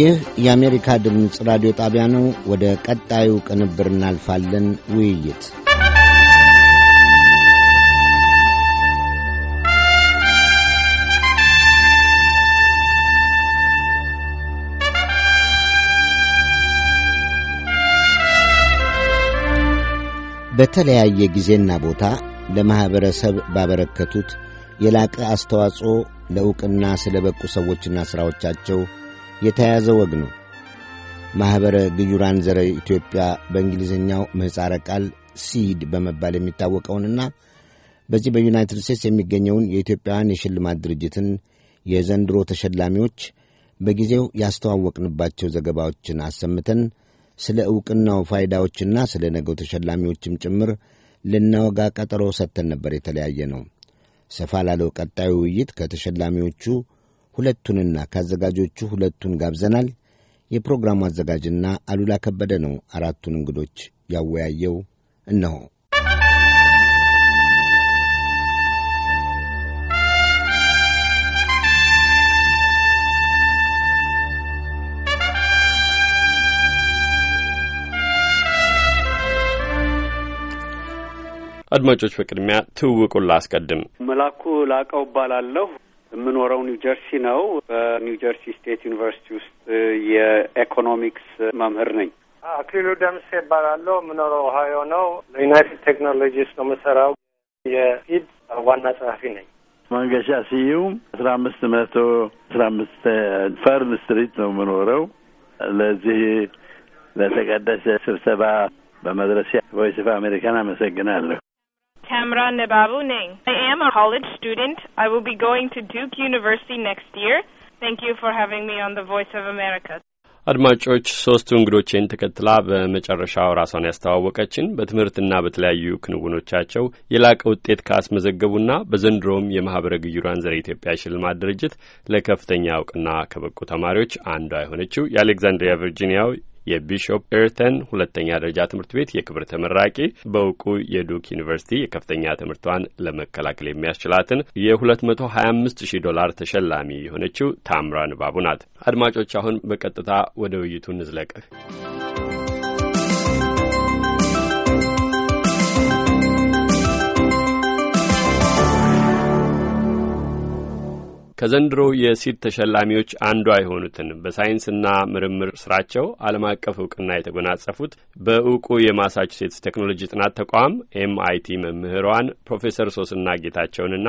ይህ የአሜሪካ ድምፅ ራዲዮ ጣቢያ ነው። ወደ ቀጣዩ ቅንብር እናልፋለን። ውይይት በተለያየ ጊዜና ቦታ ለማኅበረሰብ ባበረከቱት የላቀ አስተዋጽኦ ለዕውቅና ስለ በቁ ሰዎችና ሥራዎቻቸው የተያዘ ወግ ነው። ማኅበረ ግዩራን ዘረ ኢትዮጵያ በእንግሊዝኛው ምሕፃረ ቃል ሲድ በመባል የሚታወቀውንና በዚህ በዩናይትድ ስቴትስ የሚገኘውን የኢትዮጵያውያን የሽልማት ድርጅትን የዘንድሮ ተሸላሚዎች በጊዜው ያስተዋወቅንባቸው ዘገባዎችን አሰምተን ስለ ዕውቅናው ፋይዳዎችና ስለ ነገው ተሸላሚዎችም ጭምር ልናወጋ ቀጠሮ ሰጥተን ነበር የተለያየ ነው። ሰፋ ላለው ቀጣዩ ውይይት ከተሸላሚዎቹ ሁለቱንና ከአዘጋጆቹ ሁለቱን ጋብዘናል። የፕሮግራሙ አዘጋጅና አሉላ ከበደ ነው አራቱን እንግዶች ያወያየው። እነሆ አድማጮች፣ በቅድሚያ ትውውቁን ላስቀድም። መላኩ ላቀው እባላለሁ። የምኖረው ኒውጀርሲ ነው። በኒውጀርሲ ስቴት ዩኒቨርሲቲ ውስጥ የኢኮኖሚክስ መምህር ነኝ። አክሊሉ ደምሴ ይባላለሁ። የምኖረው ኦሃዮ ነው። ዩናይትድ ቴክኖሎጂስ ነው የምሰራው። የኢድ ዋና ጸሐፊ ነኝ። መንገሻ ስዩም አስራ አምስት መቶ አስራ አምስት ፈርን ስትሪት ነው የምኖረው። ለዚህ ለተቀደሰ ስብሰባ በመድረሴ ቮይስ ኦፍ አሜሪካን አመሰግናለሁ። Tamara Nebabu Neng. I am a college student. I will be going to Duke University next year. Thank you for having me on the Voice of America. አድማጮች ሶስቱ እንግዶቼን ተከትላ በመጨረሻው ራሷን ያስተዋወቀችን በትምህርትና በተለያዩ ክንውኖቻቸው የላቀ ውጤት ካስመዘገቡና በዘንድሮም የማኅበረ ግዩራን ዘር ኢትዮጵያ ሽልማት ድርጅት ለከፍተኛ እውቅና ከበቁ ተማሪዎች አንዷ የሆነችው የአሌክዛንድሪያ ቨርጂኒያው የቢሾፕ ኤርተን ሁለተኛ ደረጃ ትምህርት ቤት የክብር ተመራቂ በእውቁ የዱክ ዩኒቨርሲቲ የከፍተኛ ትምህርቷን ለመከላከል የሚያስችላትን የ225 ሺህ ዶላር ተሸላሚ የሆነችው ታምራ ንባቡ ናት። አድማጮች አሁን በቀጥታ ወደ ውይይቱ እንዝለቅ። ከዘንድሮ የሲድ ተሸላሚዎች አንዷ የሆኑትን በሳይንስና ምርምር ስራቸው ዓለም አቀፍ እውቅና የተጎናጸፉት በእውቁ የማሳቹሴትስ ቴክኖሎጂ ጥናት ተቋም ኤምአይቲ መምህሯን ፕሮፌሰር ሶስና ጌታቸውንና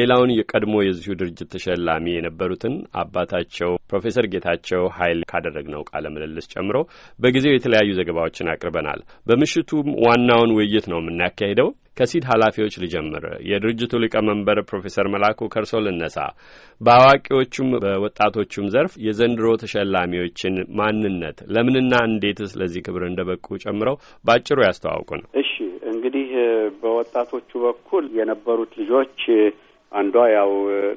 ሌላውን የቀድሞ የዚሁ ድርጅት ተሸላሚ የነበሩትን አባታቸው ፕሮፌሰር ጌታቸው ኃይል ካደረግነው ቃለ ምልልስ ጨምሮ በጊዜው የተለያዩ ዘገባዎችን አቅርበናል። በምሽቱም ዋናውን ውይይት ነው የምናካሄደው። ከሲድ ኃላፊዎች ልጀምር። የድርጅቱ ሊቀመንበር ፕሮፌሰር መላኩ ከርሶ ልነሳ። በአዋቂዎቹም በወጣቶቹም ዘርፍ የዘንድሮ ተሸላሚዎችን ማንነት ለምንና እንዴትስ ለዚህ ክብር እንደበቁ ጨምረው በአጭሩ ያስተዋውቁ ነው። እሺ እንግዲህ በወጣቶቹ በኩል የነበሩት ልጆች አንዷ ያው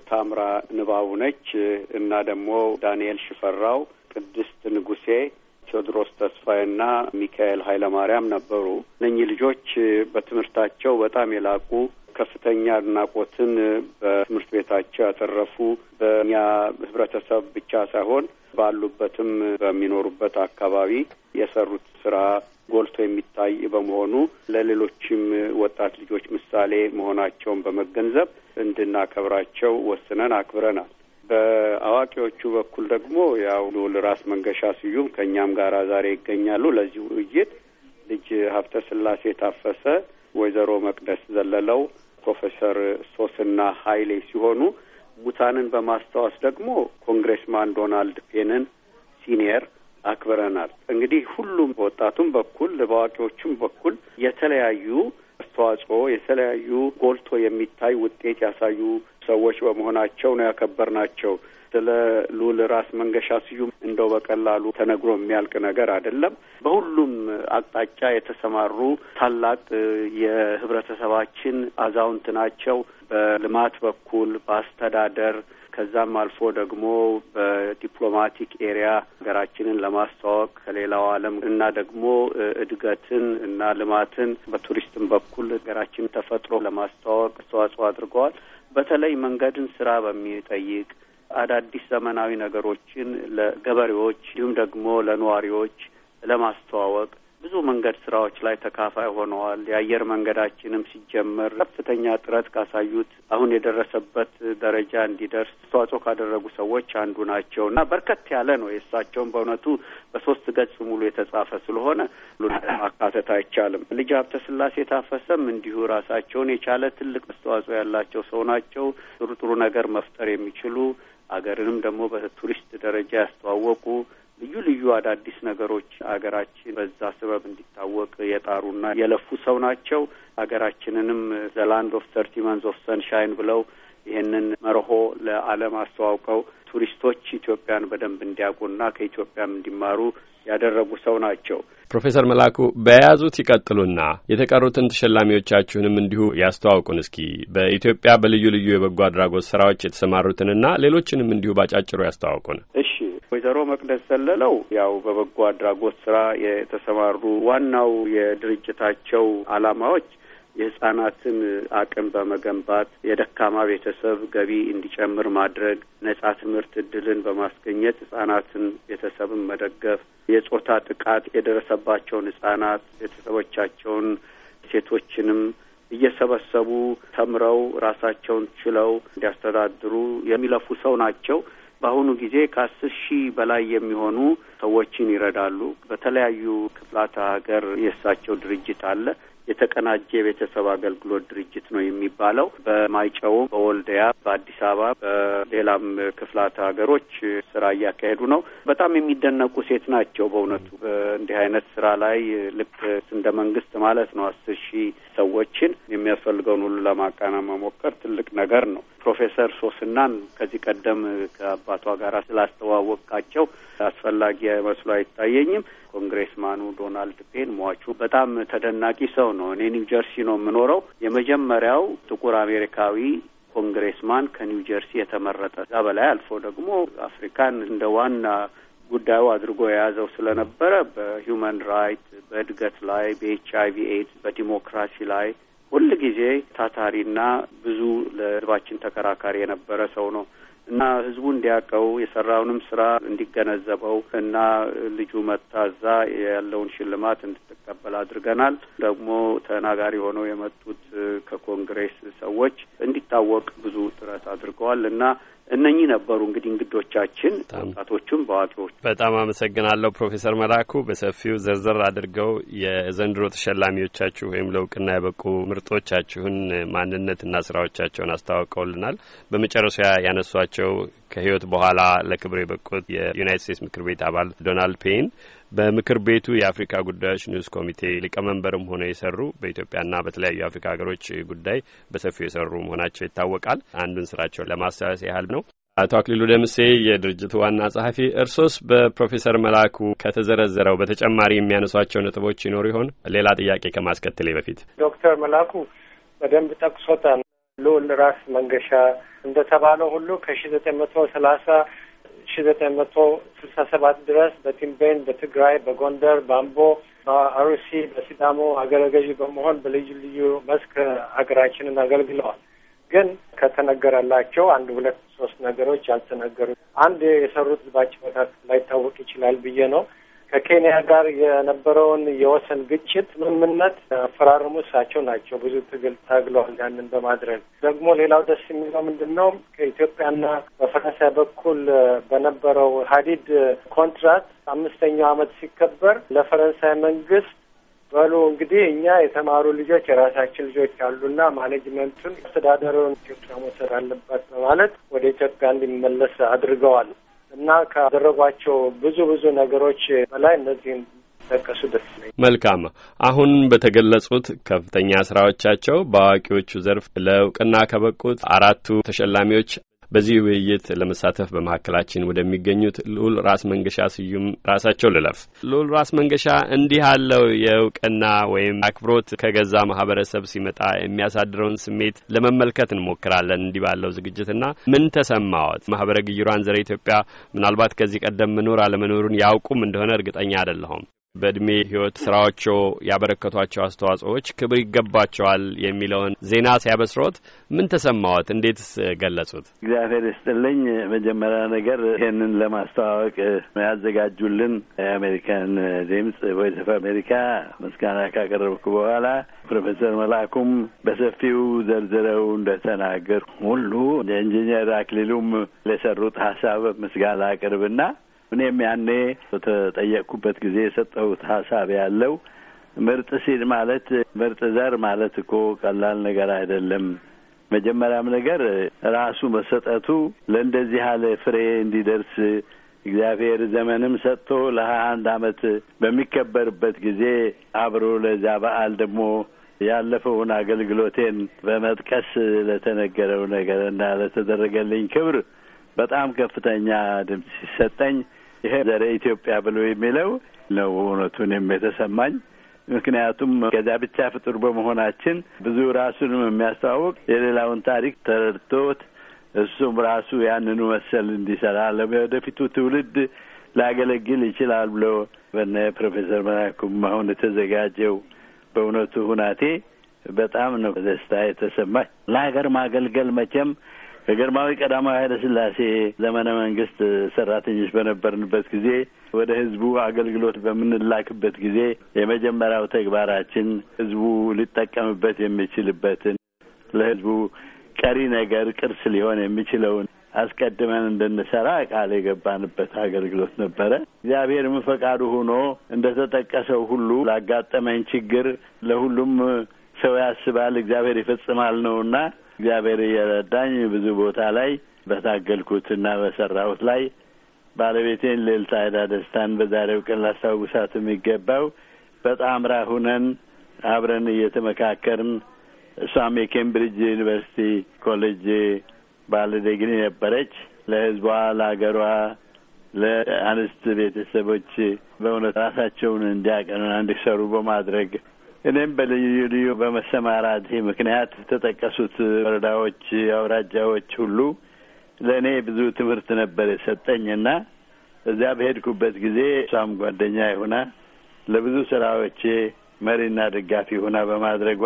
ታምራ ንባቡ ነች እና ደግሞ ዳንኤል ሽፈራው፣ ቅድስት ንጉሴ ቴዎድሮስ ተስፋዬና ሚካኤል ኃይለማርያም ነበሩ። እነኚህ ልጆች በትምህርታቸው በጣም የላቁ ከፍተኛ አድናቆትን በትምህርት ቤታቸው ያተረፉ በእኛ ህብረተሰብ ብቻ ሳይሆን ባሉበትም በሚኖሩበት አካባቢ የሰሩት ስራ ጎልቶ የሚታይ በመሆኑ ለሌሎችም ወጣት ልጆች ምሳሌ መሆናቸውን በመገንዘብ እንድናከብራቸው ወስነን አክብረናል። በአዋቂዎቹ በኩል ደግሞ ያው ልዑል ራስ መንገሻ ስዩም ከእኛም ጋር ዛሬ ይገኛሉ ለዚህ ውይይት። ልጅ ሀብተ ስላሴ ታፈሰ፣ ወይዘሮ መቅደስ ዘለለው፣ ፕሮፌሰር ሶስና ሀይሌ ሲሆኑ ሙታንን በማስታወስ ደግሞ ኮንግሬስማን ዶናልድ ፔንን ሲኒየር አክብረናል። እንግዲህ ሁሉም በወጣቱም በኩል በአዋቂዎቹም በኩል የተለያዩ አስተዋጽኦ የተለያዩ ጎልቶ የሚታይ ውጤት ያሳዩ ሰዎች በመሆናቸው ነው ያከበርናቸው። ስለ ልዑል ራስ መንገሻ ስዩም እንደው በቀላሉ ተነግሮ የሚያልቅ ነገር አይደለም። በሁሉም አቅጣጫ የተሰማሩ ታላቅ የህብረተሰባችን አዛውንት ናቸው። በልማት በኩል በአስተዳደር ከዛም አልፎ ደግሞ በዲፕሎማቲክ ኤሪያ ሀገራችንን ለማስተዋወቅ ከሌላው ዓለም እና ደግሞ እድገትን እና ልማትን በቱሪስትም በኩል ሀገራችን ተፈጥሮ ለማስተዋወቅ አስተዋጽኦ አድርገዋል። በተለይ መንገድን ስራ በሚጠይቅ አዳዲስ ዘመናዊ ነገሮችን ለገበሬዎች እንዲሁም ደግሞ ለነዋሪዎች ለማስተዋወቅ ብዙ መንገድ ስራዎች ላይ ተካፋይ ሆነዋል። የአየር መንገዳችንም ሲጀመር ከፍተኛ ጥረት ካሳዩት አሁን የደረሰበት ደረጃ እንዲደርስ አስተዋጽኦ ካደረጉ ሰዎች አንዱ ናቸው እና በርከት ያለ ነው የእሳቸውን በእውነቱ በሶስት ገጽ ሙሉ የተጻፈ ስለሆነ ማካተት አይቻልም። ልጅ ሀብተ ስላሴ ታፈሰም እንዲሁ ራሳቸውን የቻለ ትልቅ አስተዋጽኦ ያላቸው ሰው ናቸው። ጥሩ ጥሩ ነገር መፍጠር የሚችሉ አገርንም ደግሞ በቱሪስት ደረጃ ያስተዋወቁ ልዩ ልዩ አዳዲስ ነገሮች አገራችን በዛ ስበብ እንዲታወቅ የጣሩና የለፉ ሰው ናቸው። አገራችንንም ዘላንድ ኦፍ ሰርቲ መንዝ ኦፍ ሰንሻይን ብለው ይህንን መርሆ ለዓለም አስተዋውቀው ቱሪስቶች ኢትዮጵያን በደንብ እንዲያውቁና ከኢትዮጵያም እንዲማሩ ያደረጉ ሰው ናቸው። ፕሮፌሰር መላኩ በያዙት ይቀጥሉና የተቀሩትን ተሸላሚዎቻችሁንም እንዲሁ ያስተዋውቁን እስኪ በኢትዮጵያ በልዩ ልዩ የበጎ አድራጎት ስራዎች የተሰማሩትንና ሌሎችንም እንዲሁ ባጫጭሩ ያስተዋውቁን። እሺ ወይዘሮ መቅደስ ዘለለው ያው በበጎ አድራጎት ስራ የተሰማሩ ዋናው የድርጅታቸው አላማዎች የህጻናትን አቅም በመገንባት የደካማ ቤተሰብ ገቢ እንዲጨምር ማድረግ፣ ነጻ ትምህርት እድልን በማስገኘት ህጻናትን ቤተሰብን መደገፍ፣ የጾታ ጥቃት የደረሰባቸውን ህጻናት ቤተሰቦቻቸውን ሴቶችንም እየሰበሰቡ ተምረው ራሳቸውን ችለው እንዲያስተዳድሩ የሚለፉ ሰው ናቸው። በአሁኑ ጊዜ ከአስር ሺህ በላይ የሚሆኑ ሰዎችን ይረዳሉ። በተለያዩ ክፍላተ ሀገር የእሳቸው ድርጅት አለ። የተቀናጀ የቤተሰብ አገልግሎት ድርጅት ነው የሚባለው። በማይጨው፣ በወልዲያ፣ በአዲስ አበባ፣ በሌላም ክፍላት ሀገሮች ስራ እያካሄዱ ነው። በጣም የሚደነቁ ሴት ናቸው በእውነቱ በእንዲህ አይነት ስራ ላይ ልክ እንደ መንግስት ማለት ነው አስር ሺህ ሰዎችን የሚያስፈልገውን ሁሉ ለማቃና መሞከር ትልቅ ነገር ነው። ፕሮፌሰር ሶስናን ከዚህ ቀደም ከአባቷ ጋር ስላስተዋወቃቸው አስፈላጊ መስሎ አይታየኝም። ኮንግሬስማኑ ዶናልድ ፔን ሟቹ በጣም ተደናቂ ሰው ነው። እኔ ኒው ጀርሲ ነው የምኖረው። የመጀመሪያው ጥቁር አሜሪካዊ ኮንግሬስማን ከኒው ጀርሲ የተመረጠ እዛ በላይ አልፎ ደግሞ አፍሪካን እንደ ዋና ጉዳዩ አድርጎ የያዘው ስለነበረ በሂውማን ራይት፣ በእድገት ላይ፣ በኤች አይቪ ኤድስ፣ በዲሞክራሲ ላይ ሁልጊዜ ታታሪና ብዙ ለህዝባችን ተከራካሪ የነበረ ሰው ነው። እና ህዝቡ እንዲያውቀው የሰራውንም ስራ እንዲገነዘበው እና ልጁ መታዛ ያለውን ሽልማት እንድትቀበል አድርገናል። ደግሞ ተናጋሪ ሆነው የመጡት ከኮንግሬስ ሰዎች እንዲታወቅ ብዙ ጥረት አድርገዋል እና እነኚህ ነበሩ እንግዲህ እንግዶቻችን ወጣቶቹም በዋቂዎች። በጣም አመሰግናለሁ ፕሮፌሰር መላኩ በሰፊው ዘርዘር አድርገው የዘንድሮ ተሸላሚዎቻችሁ ወይም ለእውቅና የበቁ ምርጦቻችሁን ማንነትና ስራዎቻቸውን አስተዋውቀውልናል። በመጨረሻ ያነሷቸው ከህይወት በኋላ ለክብር የበቁት የዩናይት ስቴትስ ምክር ቤት አባል ዶናልድ ፔን በምክር ቤቱ የአፍሪካ ጉዳዮች ንዑስ ኮሚቴ ሊቀመንበርም ሆነው የሰሩ በኢትዮጵያና በተለያዩ የአፍሪካ ሀገሮች ጉዳይ በሰፊው የሰሩ መሆናቸው ይታወቃል። አንዱን ስራቸውን ለማስታወስ ያህል ነው። አቶ አክሊሉ ደምሴ የድርጅቱ ዋና ጸሐፊ፣ እርሶስ በፕሮፌሰር መላኩ ከተዘረዘረው በተጨማሪ የሚያነሷቸው ነጥቦች ይኖሩ ይሆን? ሌላ ጥያቄ ከማስከተሌ በፊት ዶክተር መላኩ በደንብ ጠቅሶታል። ልዑል ራስ መንገሻ እንደተባለው ሁሉ ከሺ ዘጠኝ መቶ ሰላሳ ሺህ ዘጠኝ መቶ ስልሳ ሰባት ድረስ በቲምቤን፣ በትግራይ፣ በጎንደር፣ በአምቦ፣ በአሩሲ፣ በሲዳሞ አገረ ገዢ በመሆን በልዩ ልዩ መስክ ሀገራችንን አገልግለዋል። ግን ከተነገረላቸው አንድ ሁለት ሶስት ነገሮች ያልተነገሩ አንድ የሰሩት ህዝባቸው መካከል ላይታወቅ ይችላል ብዬ ነው። ከኬንያ ጋር የነበረውን የወሰን ግጭት ስምምነት ያፈራረሙ እሳቸው ናቸው። ብዙ ትግል ታግለዋል ያንን በማድረግ ደግሞ ሌላው ደስ የሚለው ምንድን ነው ከኢትዮጵያና በፈረንሳይ በኩል በነበረው ሀዲድ ኮንትራት አምስተኛው ዓመት ሲከበር ለፈረንሳይ መንግስት በሉ እንግዲህ እኛ የተማሩ ልጆች የራሳችን ልጆች አሉና ማኔጅመንቱን አስተዳደሩን ኢትዮጵያ መውሰድ አለባት በማለት ወደ ኢትዮጵያ እንዲመለስ አድርገዋል። እና ካደረጓቸው ብዙ ብዙ ነገሮች በላይ እነዚህም ጠቀሱ ደስ ይለኝ። መልካም። አሁን በተገለጹት ከፍተኛ ስራዎቻቸው በአዋቂዎቹ ዘርፍ ለእውቅና ከበቁት አራቱ ተሸላሚዎች በዚህ ውይይት ለመሳተፍ በመካከላችን ወደሚገኙት ልዑል ራስ መንገሻ ስዩም ራሳቸው ልለፍ። ልዑል ራስ መንገሻ እንዲህ ያለው የእውቅና ወይም አክብሮት ከገዛ ማህበረሰብ ሲመጣ የሚያሳድረውን ስሜት ለመመልከት እንሞክራለን። እንዲህ ባለው ዝግጅትና ምን ተሰማዎት? ማህበረ ግይሯን ዘረ ኢትዮጵያ ምናልባት ከዚህ ቀደም መኖር አለመኖሩን ያውቁም እንደሆነ እርግጠኛ አይደለሁም። በእድሜ ህይወት ስራዎቸው ያበረከቷቸው አስተዋጽኦዎች ክብር ይገባቸዋል የሚለውን ዜና ሲያበስሮት ምን ተሰማዎት? እንዴትስ ገለጹት? እግዚአብሔር ይስጥልኝ። መጀመሪያ ነገር ይህንን ለማስተዋወቅ ያዘጋጁልን የአሜሪካን ድምጽ ቮይስ ኦፍ አሜሪካ ምስጋና ካቀረብኩ በኋላ ፕሮፌሰር መላኩም በሰፊው ዘርዝረው እንደተናገሩ ሁሉ የኢንጂነር አክሊሉም ለሰሩት ሀሳብ ምስጋና አቅርብና እኔም ያኔ በተጠየቅኩበት ጊዜ የሰጠሁት ሀሳብ ያለው ምርጥ ሲድ ማለት ምርጥ ዘር ማለት እኮ ቀላል ነገር አይደለም። መጀመሪያም ነገር ራሱ መሰጠቱ ለእንደዚህ ያለ ፍሬ እንዲደርስ እግዚአብሔር ዘመንም ሰጥቶ ለሀያ አንድ አመት በሚከበርበት ጊዜ አብሮ ለዚያ በዓል ደግሞ ያለፈውን አገልግሎቴን በመጥቀስ ለተነገረው ነገር እና ለተደረገልኝ ክብር በጣም ከፍተኛ ድምፅ ሲሰጠኝ ይሄ ዘረ ኢትዮጵያ ብሎ የሚለው ነው እውነቱን የተሰማኝ። ምክንያቱም ከዚያ ብቻ ፍጡር በመሆናችን ብዙ ራሱንም የሚያስተዋውቅ የሌላውን ታሪክ ተረድቶት እሱም ራሱ ያንኑ መሰል እንዲሰራ ለወደፊቱ ትውልድ ሊያገለግል ይችላል ብሎ በነ ፕሮፌሰር መላኩም አሁን የተዘጋጀው በእውነቱ ሁናቴ በጣም ነው ደስታ የተሰማኝ። ለሀገር ማገልገል መቼም በገርማዊ ቀዳማዊ ኃይለ ሥላሴ ዘመነ መንግስት ሰራተኞች በነበርንበት ጊዜ ወደ ህዝቡ አገልግሎት በምንላክበት ጊዜ የመጀመሪያው ተግባራችን ህዝቡ ሊጠቀምበት የሚችልበትን ለህዝቡ ቀሪ ነገር ቅርስ ሊሆን የሚችለውን አስቀድመን እንድንሰራ ቃል የገባንበት አገልግሎት ነበረ። እግዚአብሔርም ፈቃዱ ሆኖ እንደ ተጠቀሰው ሁሉ ላጋጠመኝ ችግር ለሁሉም ሰው ያስባል፣ እግዚአብሔር ይፈጽማል ነውና እግዚአብሔር እየረዳኝ ብዙ ቦታ ላይ በታገልኩትና በሰራሁት ላይ ባለቤቴን ልዕልት አይዳ ደስታን በዛሬው ቀን ላስታውሳት የሚገባው በጣምራ ሁነን አብረን እየተመካከርን እሷም የኬምብሪጅ ዩኒቨርሲቲ ኮሌጅ ባለደግሪ ነበረች። ለሕዝቧ ለሀገሯ፣ ለአንስት ቤተሰቦች በእውነት ራሳቸውን እንዲያቀኑ እንዲሰሩ በማድረግ እኔም በልዩ ልዩ በመሰማራት ምክንያት የተጠቀሱት ወረዳዎች፣ አውራጃዎች ሁሉ ለእኔ ብዙ ትምህርት ነበር የሰጠኝ እና እዚያ በሄድኩበት ጊዜ እሷም ጓደኛ ይሁና ለብዙ ስራዎቼ መሪና ደጋፊ ሁና በማድረጓ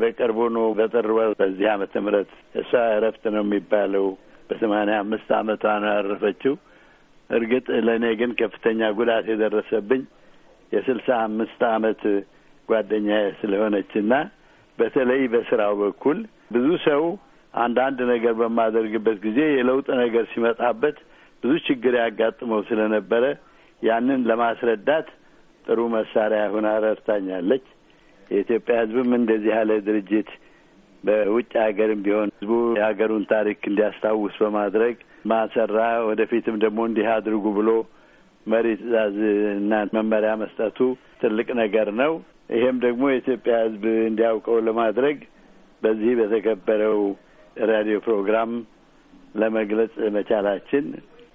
በቅርቡ ነው በጥር ወር በዚህ ዓመተ ምህረት እሷ እረፍት ነው የሚባለው በሰማንያ አምስት ዓመቷ ነው ያረፈችው። እርግጥ ለእኔ ግን ከፍተኛ ጉዳት የደረሰብኝ የስልሳ አምስት ዓመት ጓደኛ ስለሆነችና በተለይ በስራው በኩል ብዙ ሰው አንዳንድ ነገር በማደርግበት ጊዜ የለውጥ ነገር ሲመጣበት ብዙ ችግር ያጋጥመው ስለነበረ ያንን ለማስረዳት ጥሩ መሳሪያ ሆና ረድታኛለች። የኢትዮጵያ ሕዝብም እንደዚህ ያለ ድርጅት በውጭ ሀገርም ቢሆን ሕዝቡ የሀገሩን ታሪክ እንዲያስታውስ በማድረግ ማሰራ ወደፊትም ደግሞ እንዲህ አድርጉ ብሎ መሪ ትዕዛዝና መመሪያ መስጠቱ ትልቅ ነገር ነው። ይሄም ደግሞ የኢትዮጵያ ሕዝብ እንዲያውቀው ለማድረግ በዚህ በተከበረው ራዲዮ ፕሮግራም ለመግለጽ መቻላችን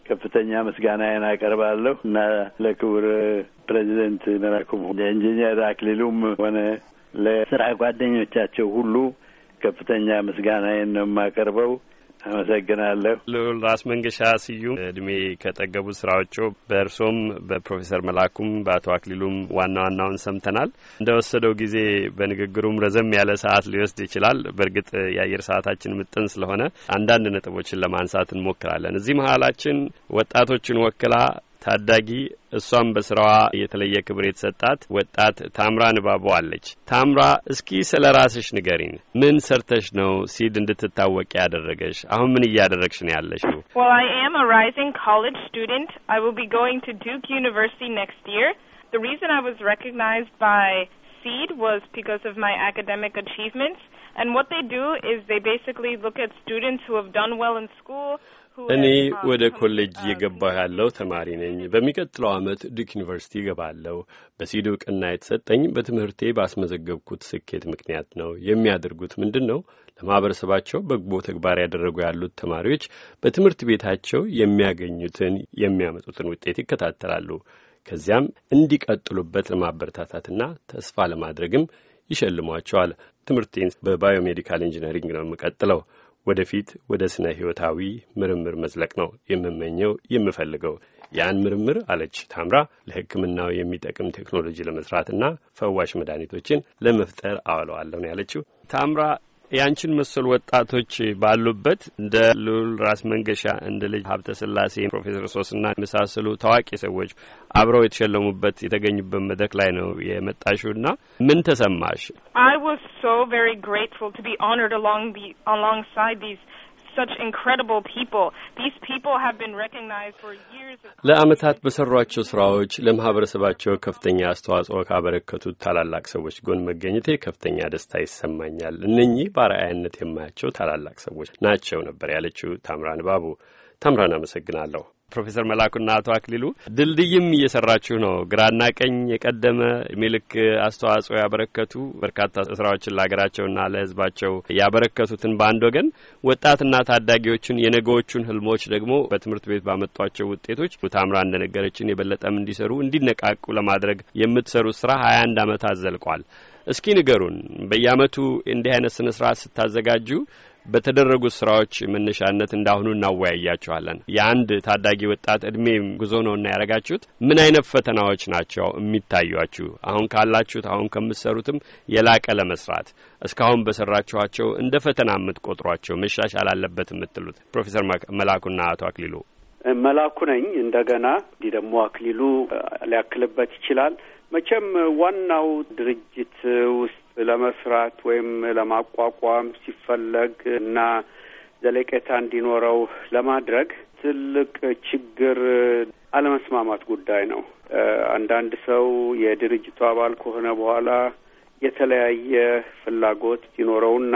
ከፍተኛ ምስጋናዬን አቀርባለሁ እና ለክቡር ፕሬዚደንት መራኩ ለኢንጂነር አክሊሉም ሆነ ለስራ ጓደኞቻቸው ሁሉ ከፍተኛ ምስጋናዬን ነው የማቀርበው። አመሰግናለሁ። ልዑል ራስ መንገሻ ስዩም እድሜ ከጠገቡ ስራዎቹ በእርሶም በፕሮፌሰር መላኩም በአቶ አክሊሉም ዋና ዋናውን ሰምተናል። እንደ ወሰደው ጊዜ በንግግሩም ረዘም ያለ ሰዓት ሊወስድ ይችላል። በእርግጥ የአየር ሰዓታችን ምጥን ስለሆነ አንዳንድ ነጥቦችን ለማንሳት እንሞክራለን። እዚህ መሀላችን ወጣቶችን ወክላ ታዳጊ እሷም በስራዋ የተለየ ክብር የተሰጣት ወጣት ታምራ ንባቡ አለች። ታምራ፣ እስኪ ስለ ራስሽ ንገሪን። ምን ሰርተሽ ነው ሲድ እንድትታወቂ ያደረገሽ? አሁን ምን እያደረግሽ ነው ያለሽው? Well, I am a rising college student. I will be going to Duke University next year. The reason I was recognized by SEED was because of my academic achievements. And what they do is they basically look at students who have done well in school. እኔ ወደ ኮሌጅ እየገባሁ ያለው ተማሪ ነኝ። በሚቀጥለው ዓመት ዱክ ዩኒቨርሲቲ እገባለሁ። በሲድ እውቅና የተሰጠኝ በትምህርቴ ባስመዘገብኩት ስኬት ምክንያት ነው። የሚያደርጉት ምንድን ነው? ለማህበረሰባቸው በጎ ተግባር ያደረጉ ያሉት ተማሪዎች በትምህርት ቤታቸው የሚያገኙትን የሚያመጡትን ውጤት ይከታተላሉ። ከዚያም እንዲቀጥሉበት ለማበረታታትና ተስፋ ለማድረግም ይሸልሟቸዋል። ትምህርቴን በባዮሜዲካል ኢንጂነሪንግ ነው የምቀጥለው። ወደፊት ወደ ስነ ህይወታዊ ምርምር መዝለቅ ነው የምመኘው የምፈልገው። ያን ምርምር አለች ታምራ ለህክምናው የሚጠቅም ቴክኖሎጂ ለመስራትና ፈዋሽ መድኃኒቶችን ለመፍጠር አዋለዋለሁ ነው ያለችው። ታምራ ያንቺን መሰሉ ወጣቶች ባሉበት እንደ ልዑል ራስ መንገሻ እንደ ልጅ ሀብተ ስላሴ ፕሮፌሰር ሶስና የመሳሰሉ ታዋቂ ሰዎች አብረው የተሸለሙበት የተገኙበት መድረክ ላይ ነው የመጣሽው እና ምን ተሰማሽ? I was so very grateful to be honored along the alongside these such incredible people. These people have been recognized for years. ለአመታት በሰሯቸው ስራዎች ለማህበረሰባቸው ከፍተኛ አስተዋጽኦ ካበረከቱት ታላላቅ ሰዎች ጎን መገኘቴ ከፍተኛ ደስታ ይሰማኛል። እነኚህ በአርአያነት የማያቸው ታላላቅ ሰዎች ናቸው ነበር ያለችው ታምራን ባቡ። ታምራን አመሰግናለሁ። ፕሮፌሰር መላኩና አቶ አክሊሉ ድልድይም እየሰራችሁ ነው። ግራና ቀኝ የቀደመ ሚልክ አስተዋጽኦ ያበረከቱ በርካታ ስራዎችን ለሀገራቸውና ለሕዝባቸው ያበረከቱትን በአንድ ወገን ወጣትና ታዳጊዎችን የነገዎቹን ህልሞች ደግሞ በትምህርት ቤት ባመጧቸው ውጤቶች ታምራ እንደነገረችን የበለጠም እንዲሰሩ እንዲነቃቁ ለማድረግ የምትሰሩት ስራ ሀያ አንድ አመታት ዘልቋል። እስኪ ንገሩን በየአመቱ እንዲህ አይነት ስነ ስርዓት ስታዘጋጁ በተደረጉት ስራዎች መነሻነት እንዳሁኑ እናወያያችኋለን። የአንድ ታዳጊ ወጣት እድሜ ጉዞ ነው እና ያረጋችሁት ምን አይነት ፈተናዎች ናቸው የሚታዩችሁ? አሁን ካላችሁት አሁን ከምትሰሩትም የላቀ ለመስራት እስካሁን በሰራችኋቸው እንደ ፈተና የምትቆጥሯቸው መሻሻል አለበት የምትሉት ፕሮፌሰር መላኩና አቶ አክሊሉ። መላኩ ነኝ። እንደገና እንዲህ ደግሞ አክሊሉ ሊያክልበት ይችላል። መቼም ዋናው ድርጅት ውስጥ ለመስራት ወይም ለማቋቋም ሲፈለግ እና ዘለቄታ እንዲኖረው ለማድረግ ትልቅ ችግር አለመስማማት ጉዳይ ነው። አንዳንድ ሰው የድርጅቱ አባል ከሆነ በኋላ የተለያየ ፍላጎት ሲኖረውና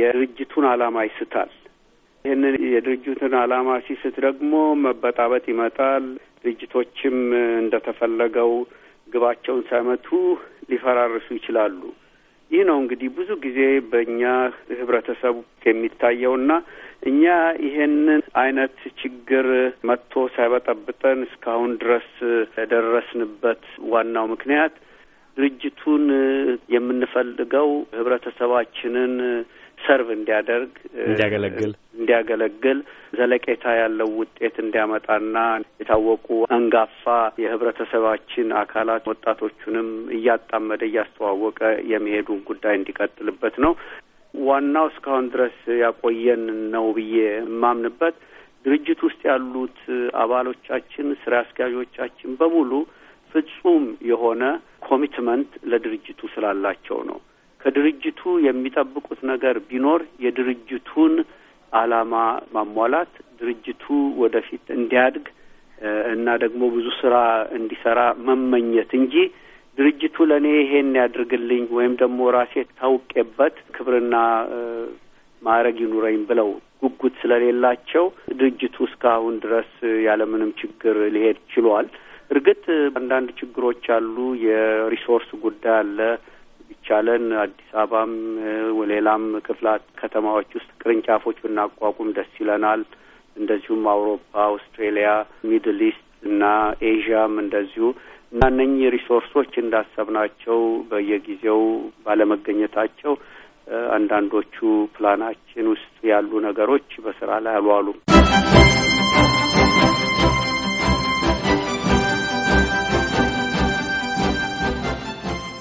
የድርጅቱን ዓላማ ይስታል። ይህንን የድርጅቱን ዓላማ ሲስት ደግሞ መበጣበጥ ይመጣል። ድርጅቶችም እንደተፈለገው ግባቸውን ሳይመቱ ሊፈራርሱ ይችላሉ። ይህ ነው እንግዲህ ብዙ ጊዜ በእኛ ህብረተሰብ የሚታየውና እኛ ይሄንን አይነት ችግር መጥቶ ሳይበጠብጠን እስካሁን ድረስ የደረስንበት ዋናው ምክንያት ድርጅቱን የምንፈልገው ህብረተሰባችንን ሰርቭ እንዲያደርግ እንዲያገለግል እንዲያገለግል ዘለቄታ ያለው ውጤት እንዲያመጣና የታወቁ አንጋፋ የህብረተሰባችን አካላት ወጣቶቹንም እያጣመደ እያስተዋወቀ የመሄዱን ጉዳይ እንዲቀጥልበት ነው ዋናው እስካሁን ድረስ ያቆየን ነው ብዬ የማምንበት ድርጅት ውስጥ ያሉት አባሎቻችን፣ ስራ አስኪያጆቻችን በሙሉ ፍጹም የሆነ ኮሚትመንት ለድርጅቱ ስላላቸው ነው። ከድርጅቱ የሚጠብቁት ነገር ቢኖር የድርጅቱን ዓላማ ማሟላት፣ ድርጅቱ ወደፊት እንዲያድግ እና ደግሞ ብዙ ስራ እንዲሰራ መመኘት እንጂ ድርጅቱ ለእኔ ይሄን ያድርግልኝ ወይም ደግሞ ራሴ ታውቄበት ክብርና ማዕረግ ይኑረኝ ብለው ጉጉት ስለሌላቸው ድርጅቱ እስካሁን ድረስ ያለምንም ችግር ሊሄድ ችሏል። እርግጥ አንዳንድ ችግሮች አሉ። የሪሶርስ ጉዳይ አለ። ከቻለን አዲስ አበባም ሌላም ክፍላት ከተማዎች ውስጥ ቅርንጫፎች ብናቋቁም ደስ ይለናል። እንደዚሁም አውሮፓ፣ አውስትሬሊያ፣ ሚድል ኢስት እና ኤዥያም እንደዚሁ እና እነኚህ ሪሶርሶች እንዳሰብናቸው በየጊዜው ባለመገኘታቸው አንዳንዶቹ ፕላናችን ውስጥ ያሉ ነገሮች በስራ ላይ አልዋሉም።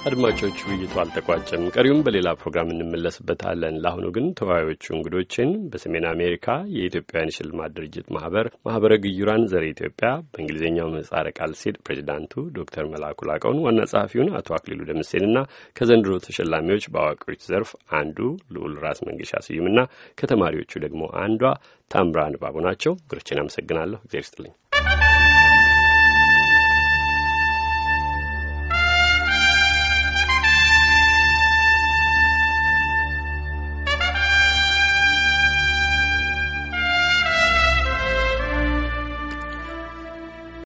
አድማጮች፣ ውይይቱ አልተቋጨም። ቀሪውም በሌላ ፕሮግራም እንመለስበታለን። ለአሁኑ ግን ተወያዮቹ እንግዶችን በሰሜን አሜሪካ የኢትዮጵያውያን ሽልማት ድርጅት ማህበር ማህበረ ግዩራን ዘር ኢትዮጵያ በእንግሊዝኛው ምህጻረ ቃል ሴድ ፕሬዚዳንቱ ዶክተር መላኩ ላቀውን ዋና ጸሐፊውን አቶ አክሊሉ ደምሴንና ከዘንድሮ ተሸላሚዎች በአዋቂዎች ዘርፍ አንዱ ልዑል ራስ መንገሻ ስዩምና ከተማሪዎቹ ደግሞ አንዷ ታምራ ንባቡ ናቸው። እንግዶችን አመሰግናለሁ። እግዜር ይስጥልኝ።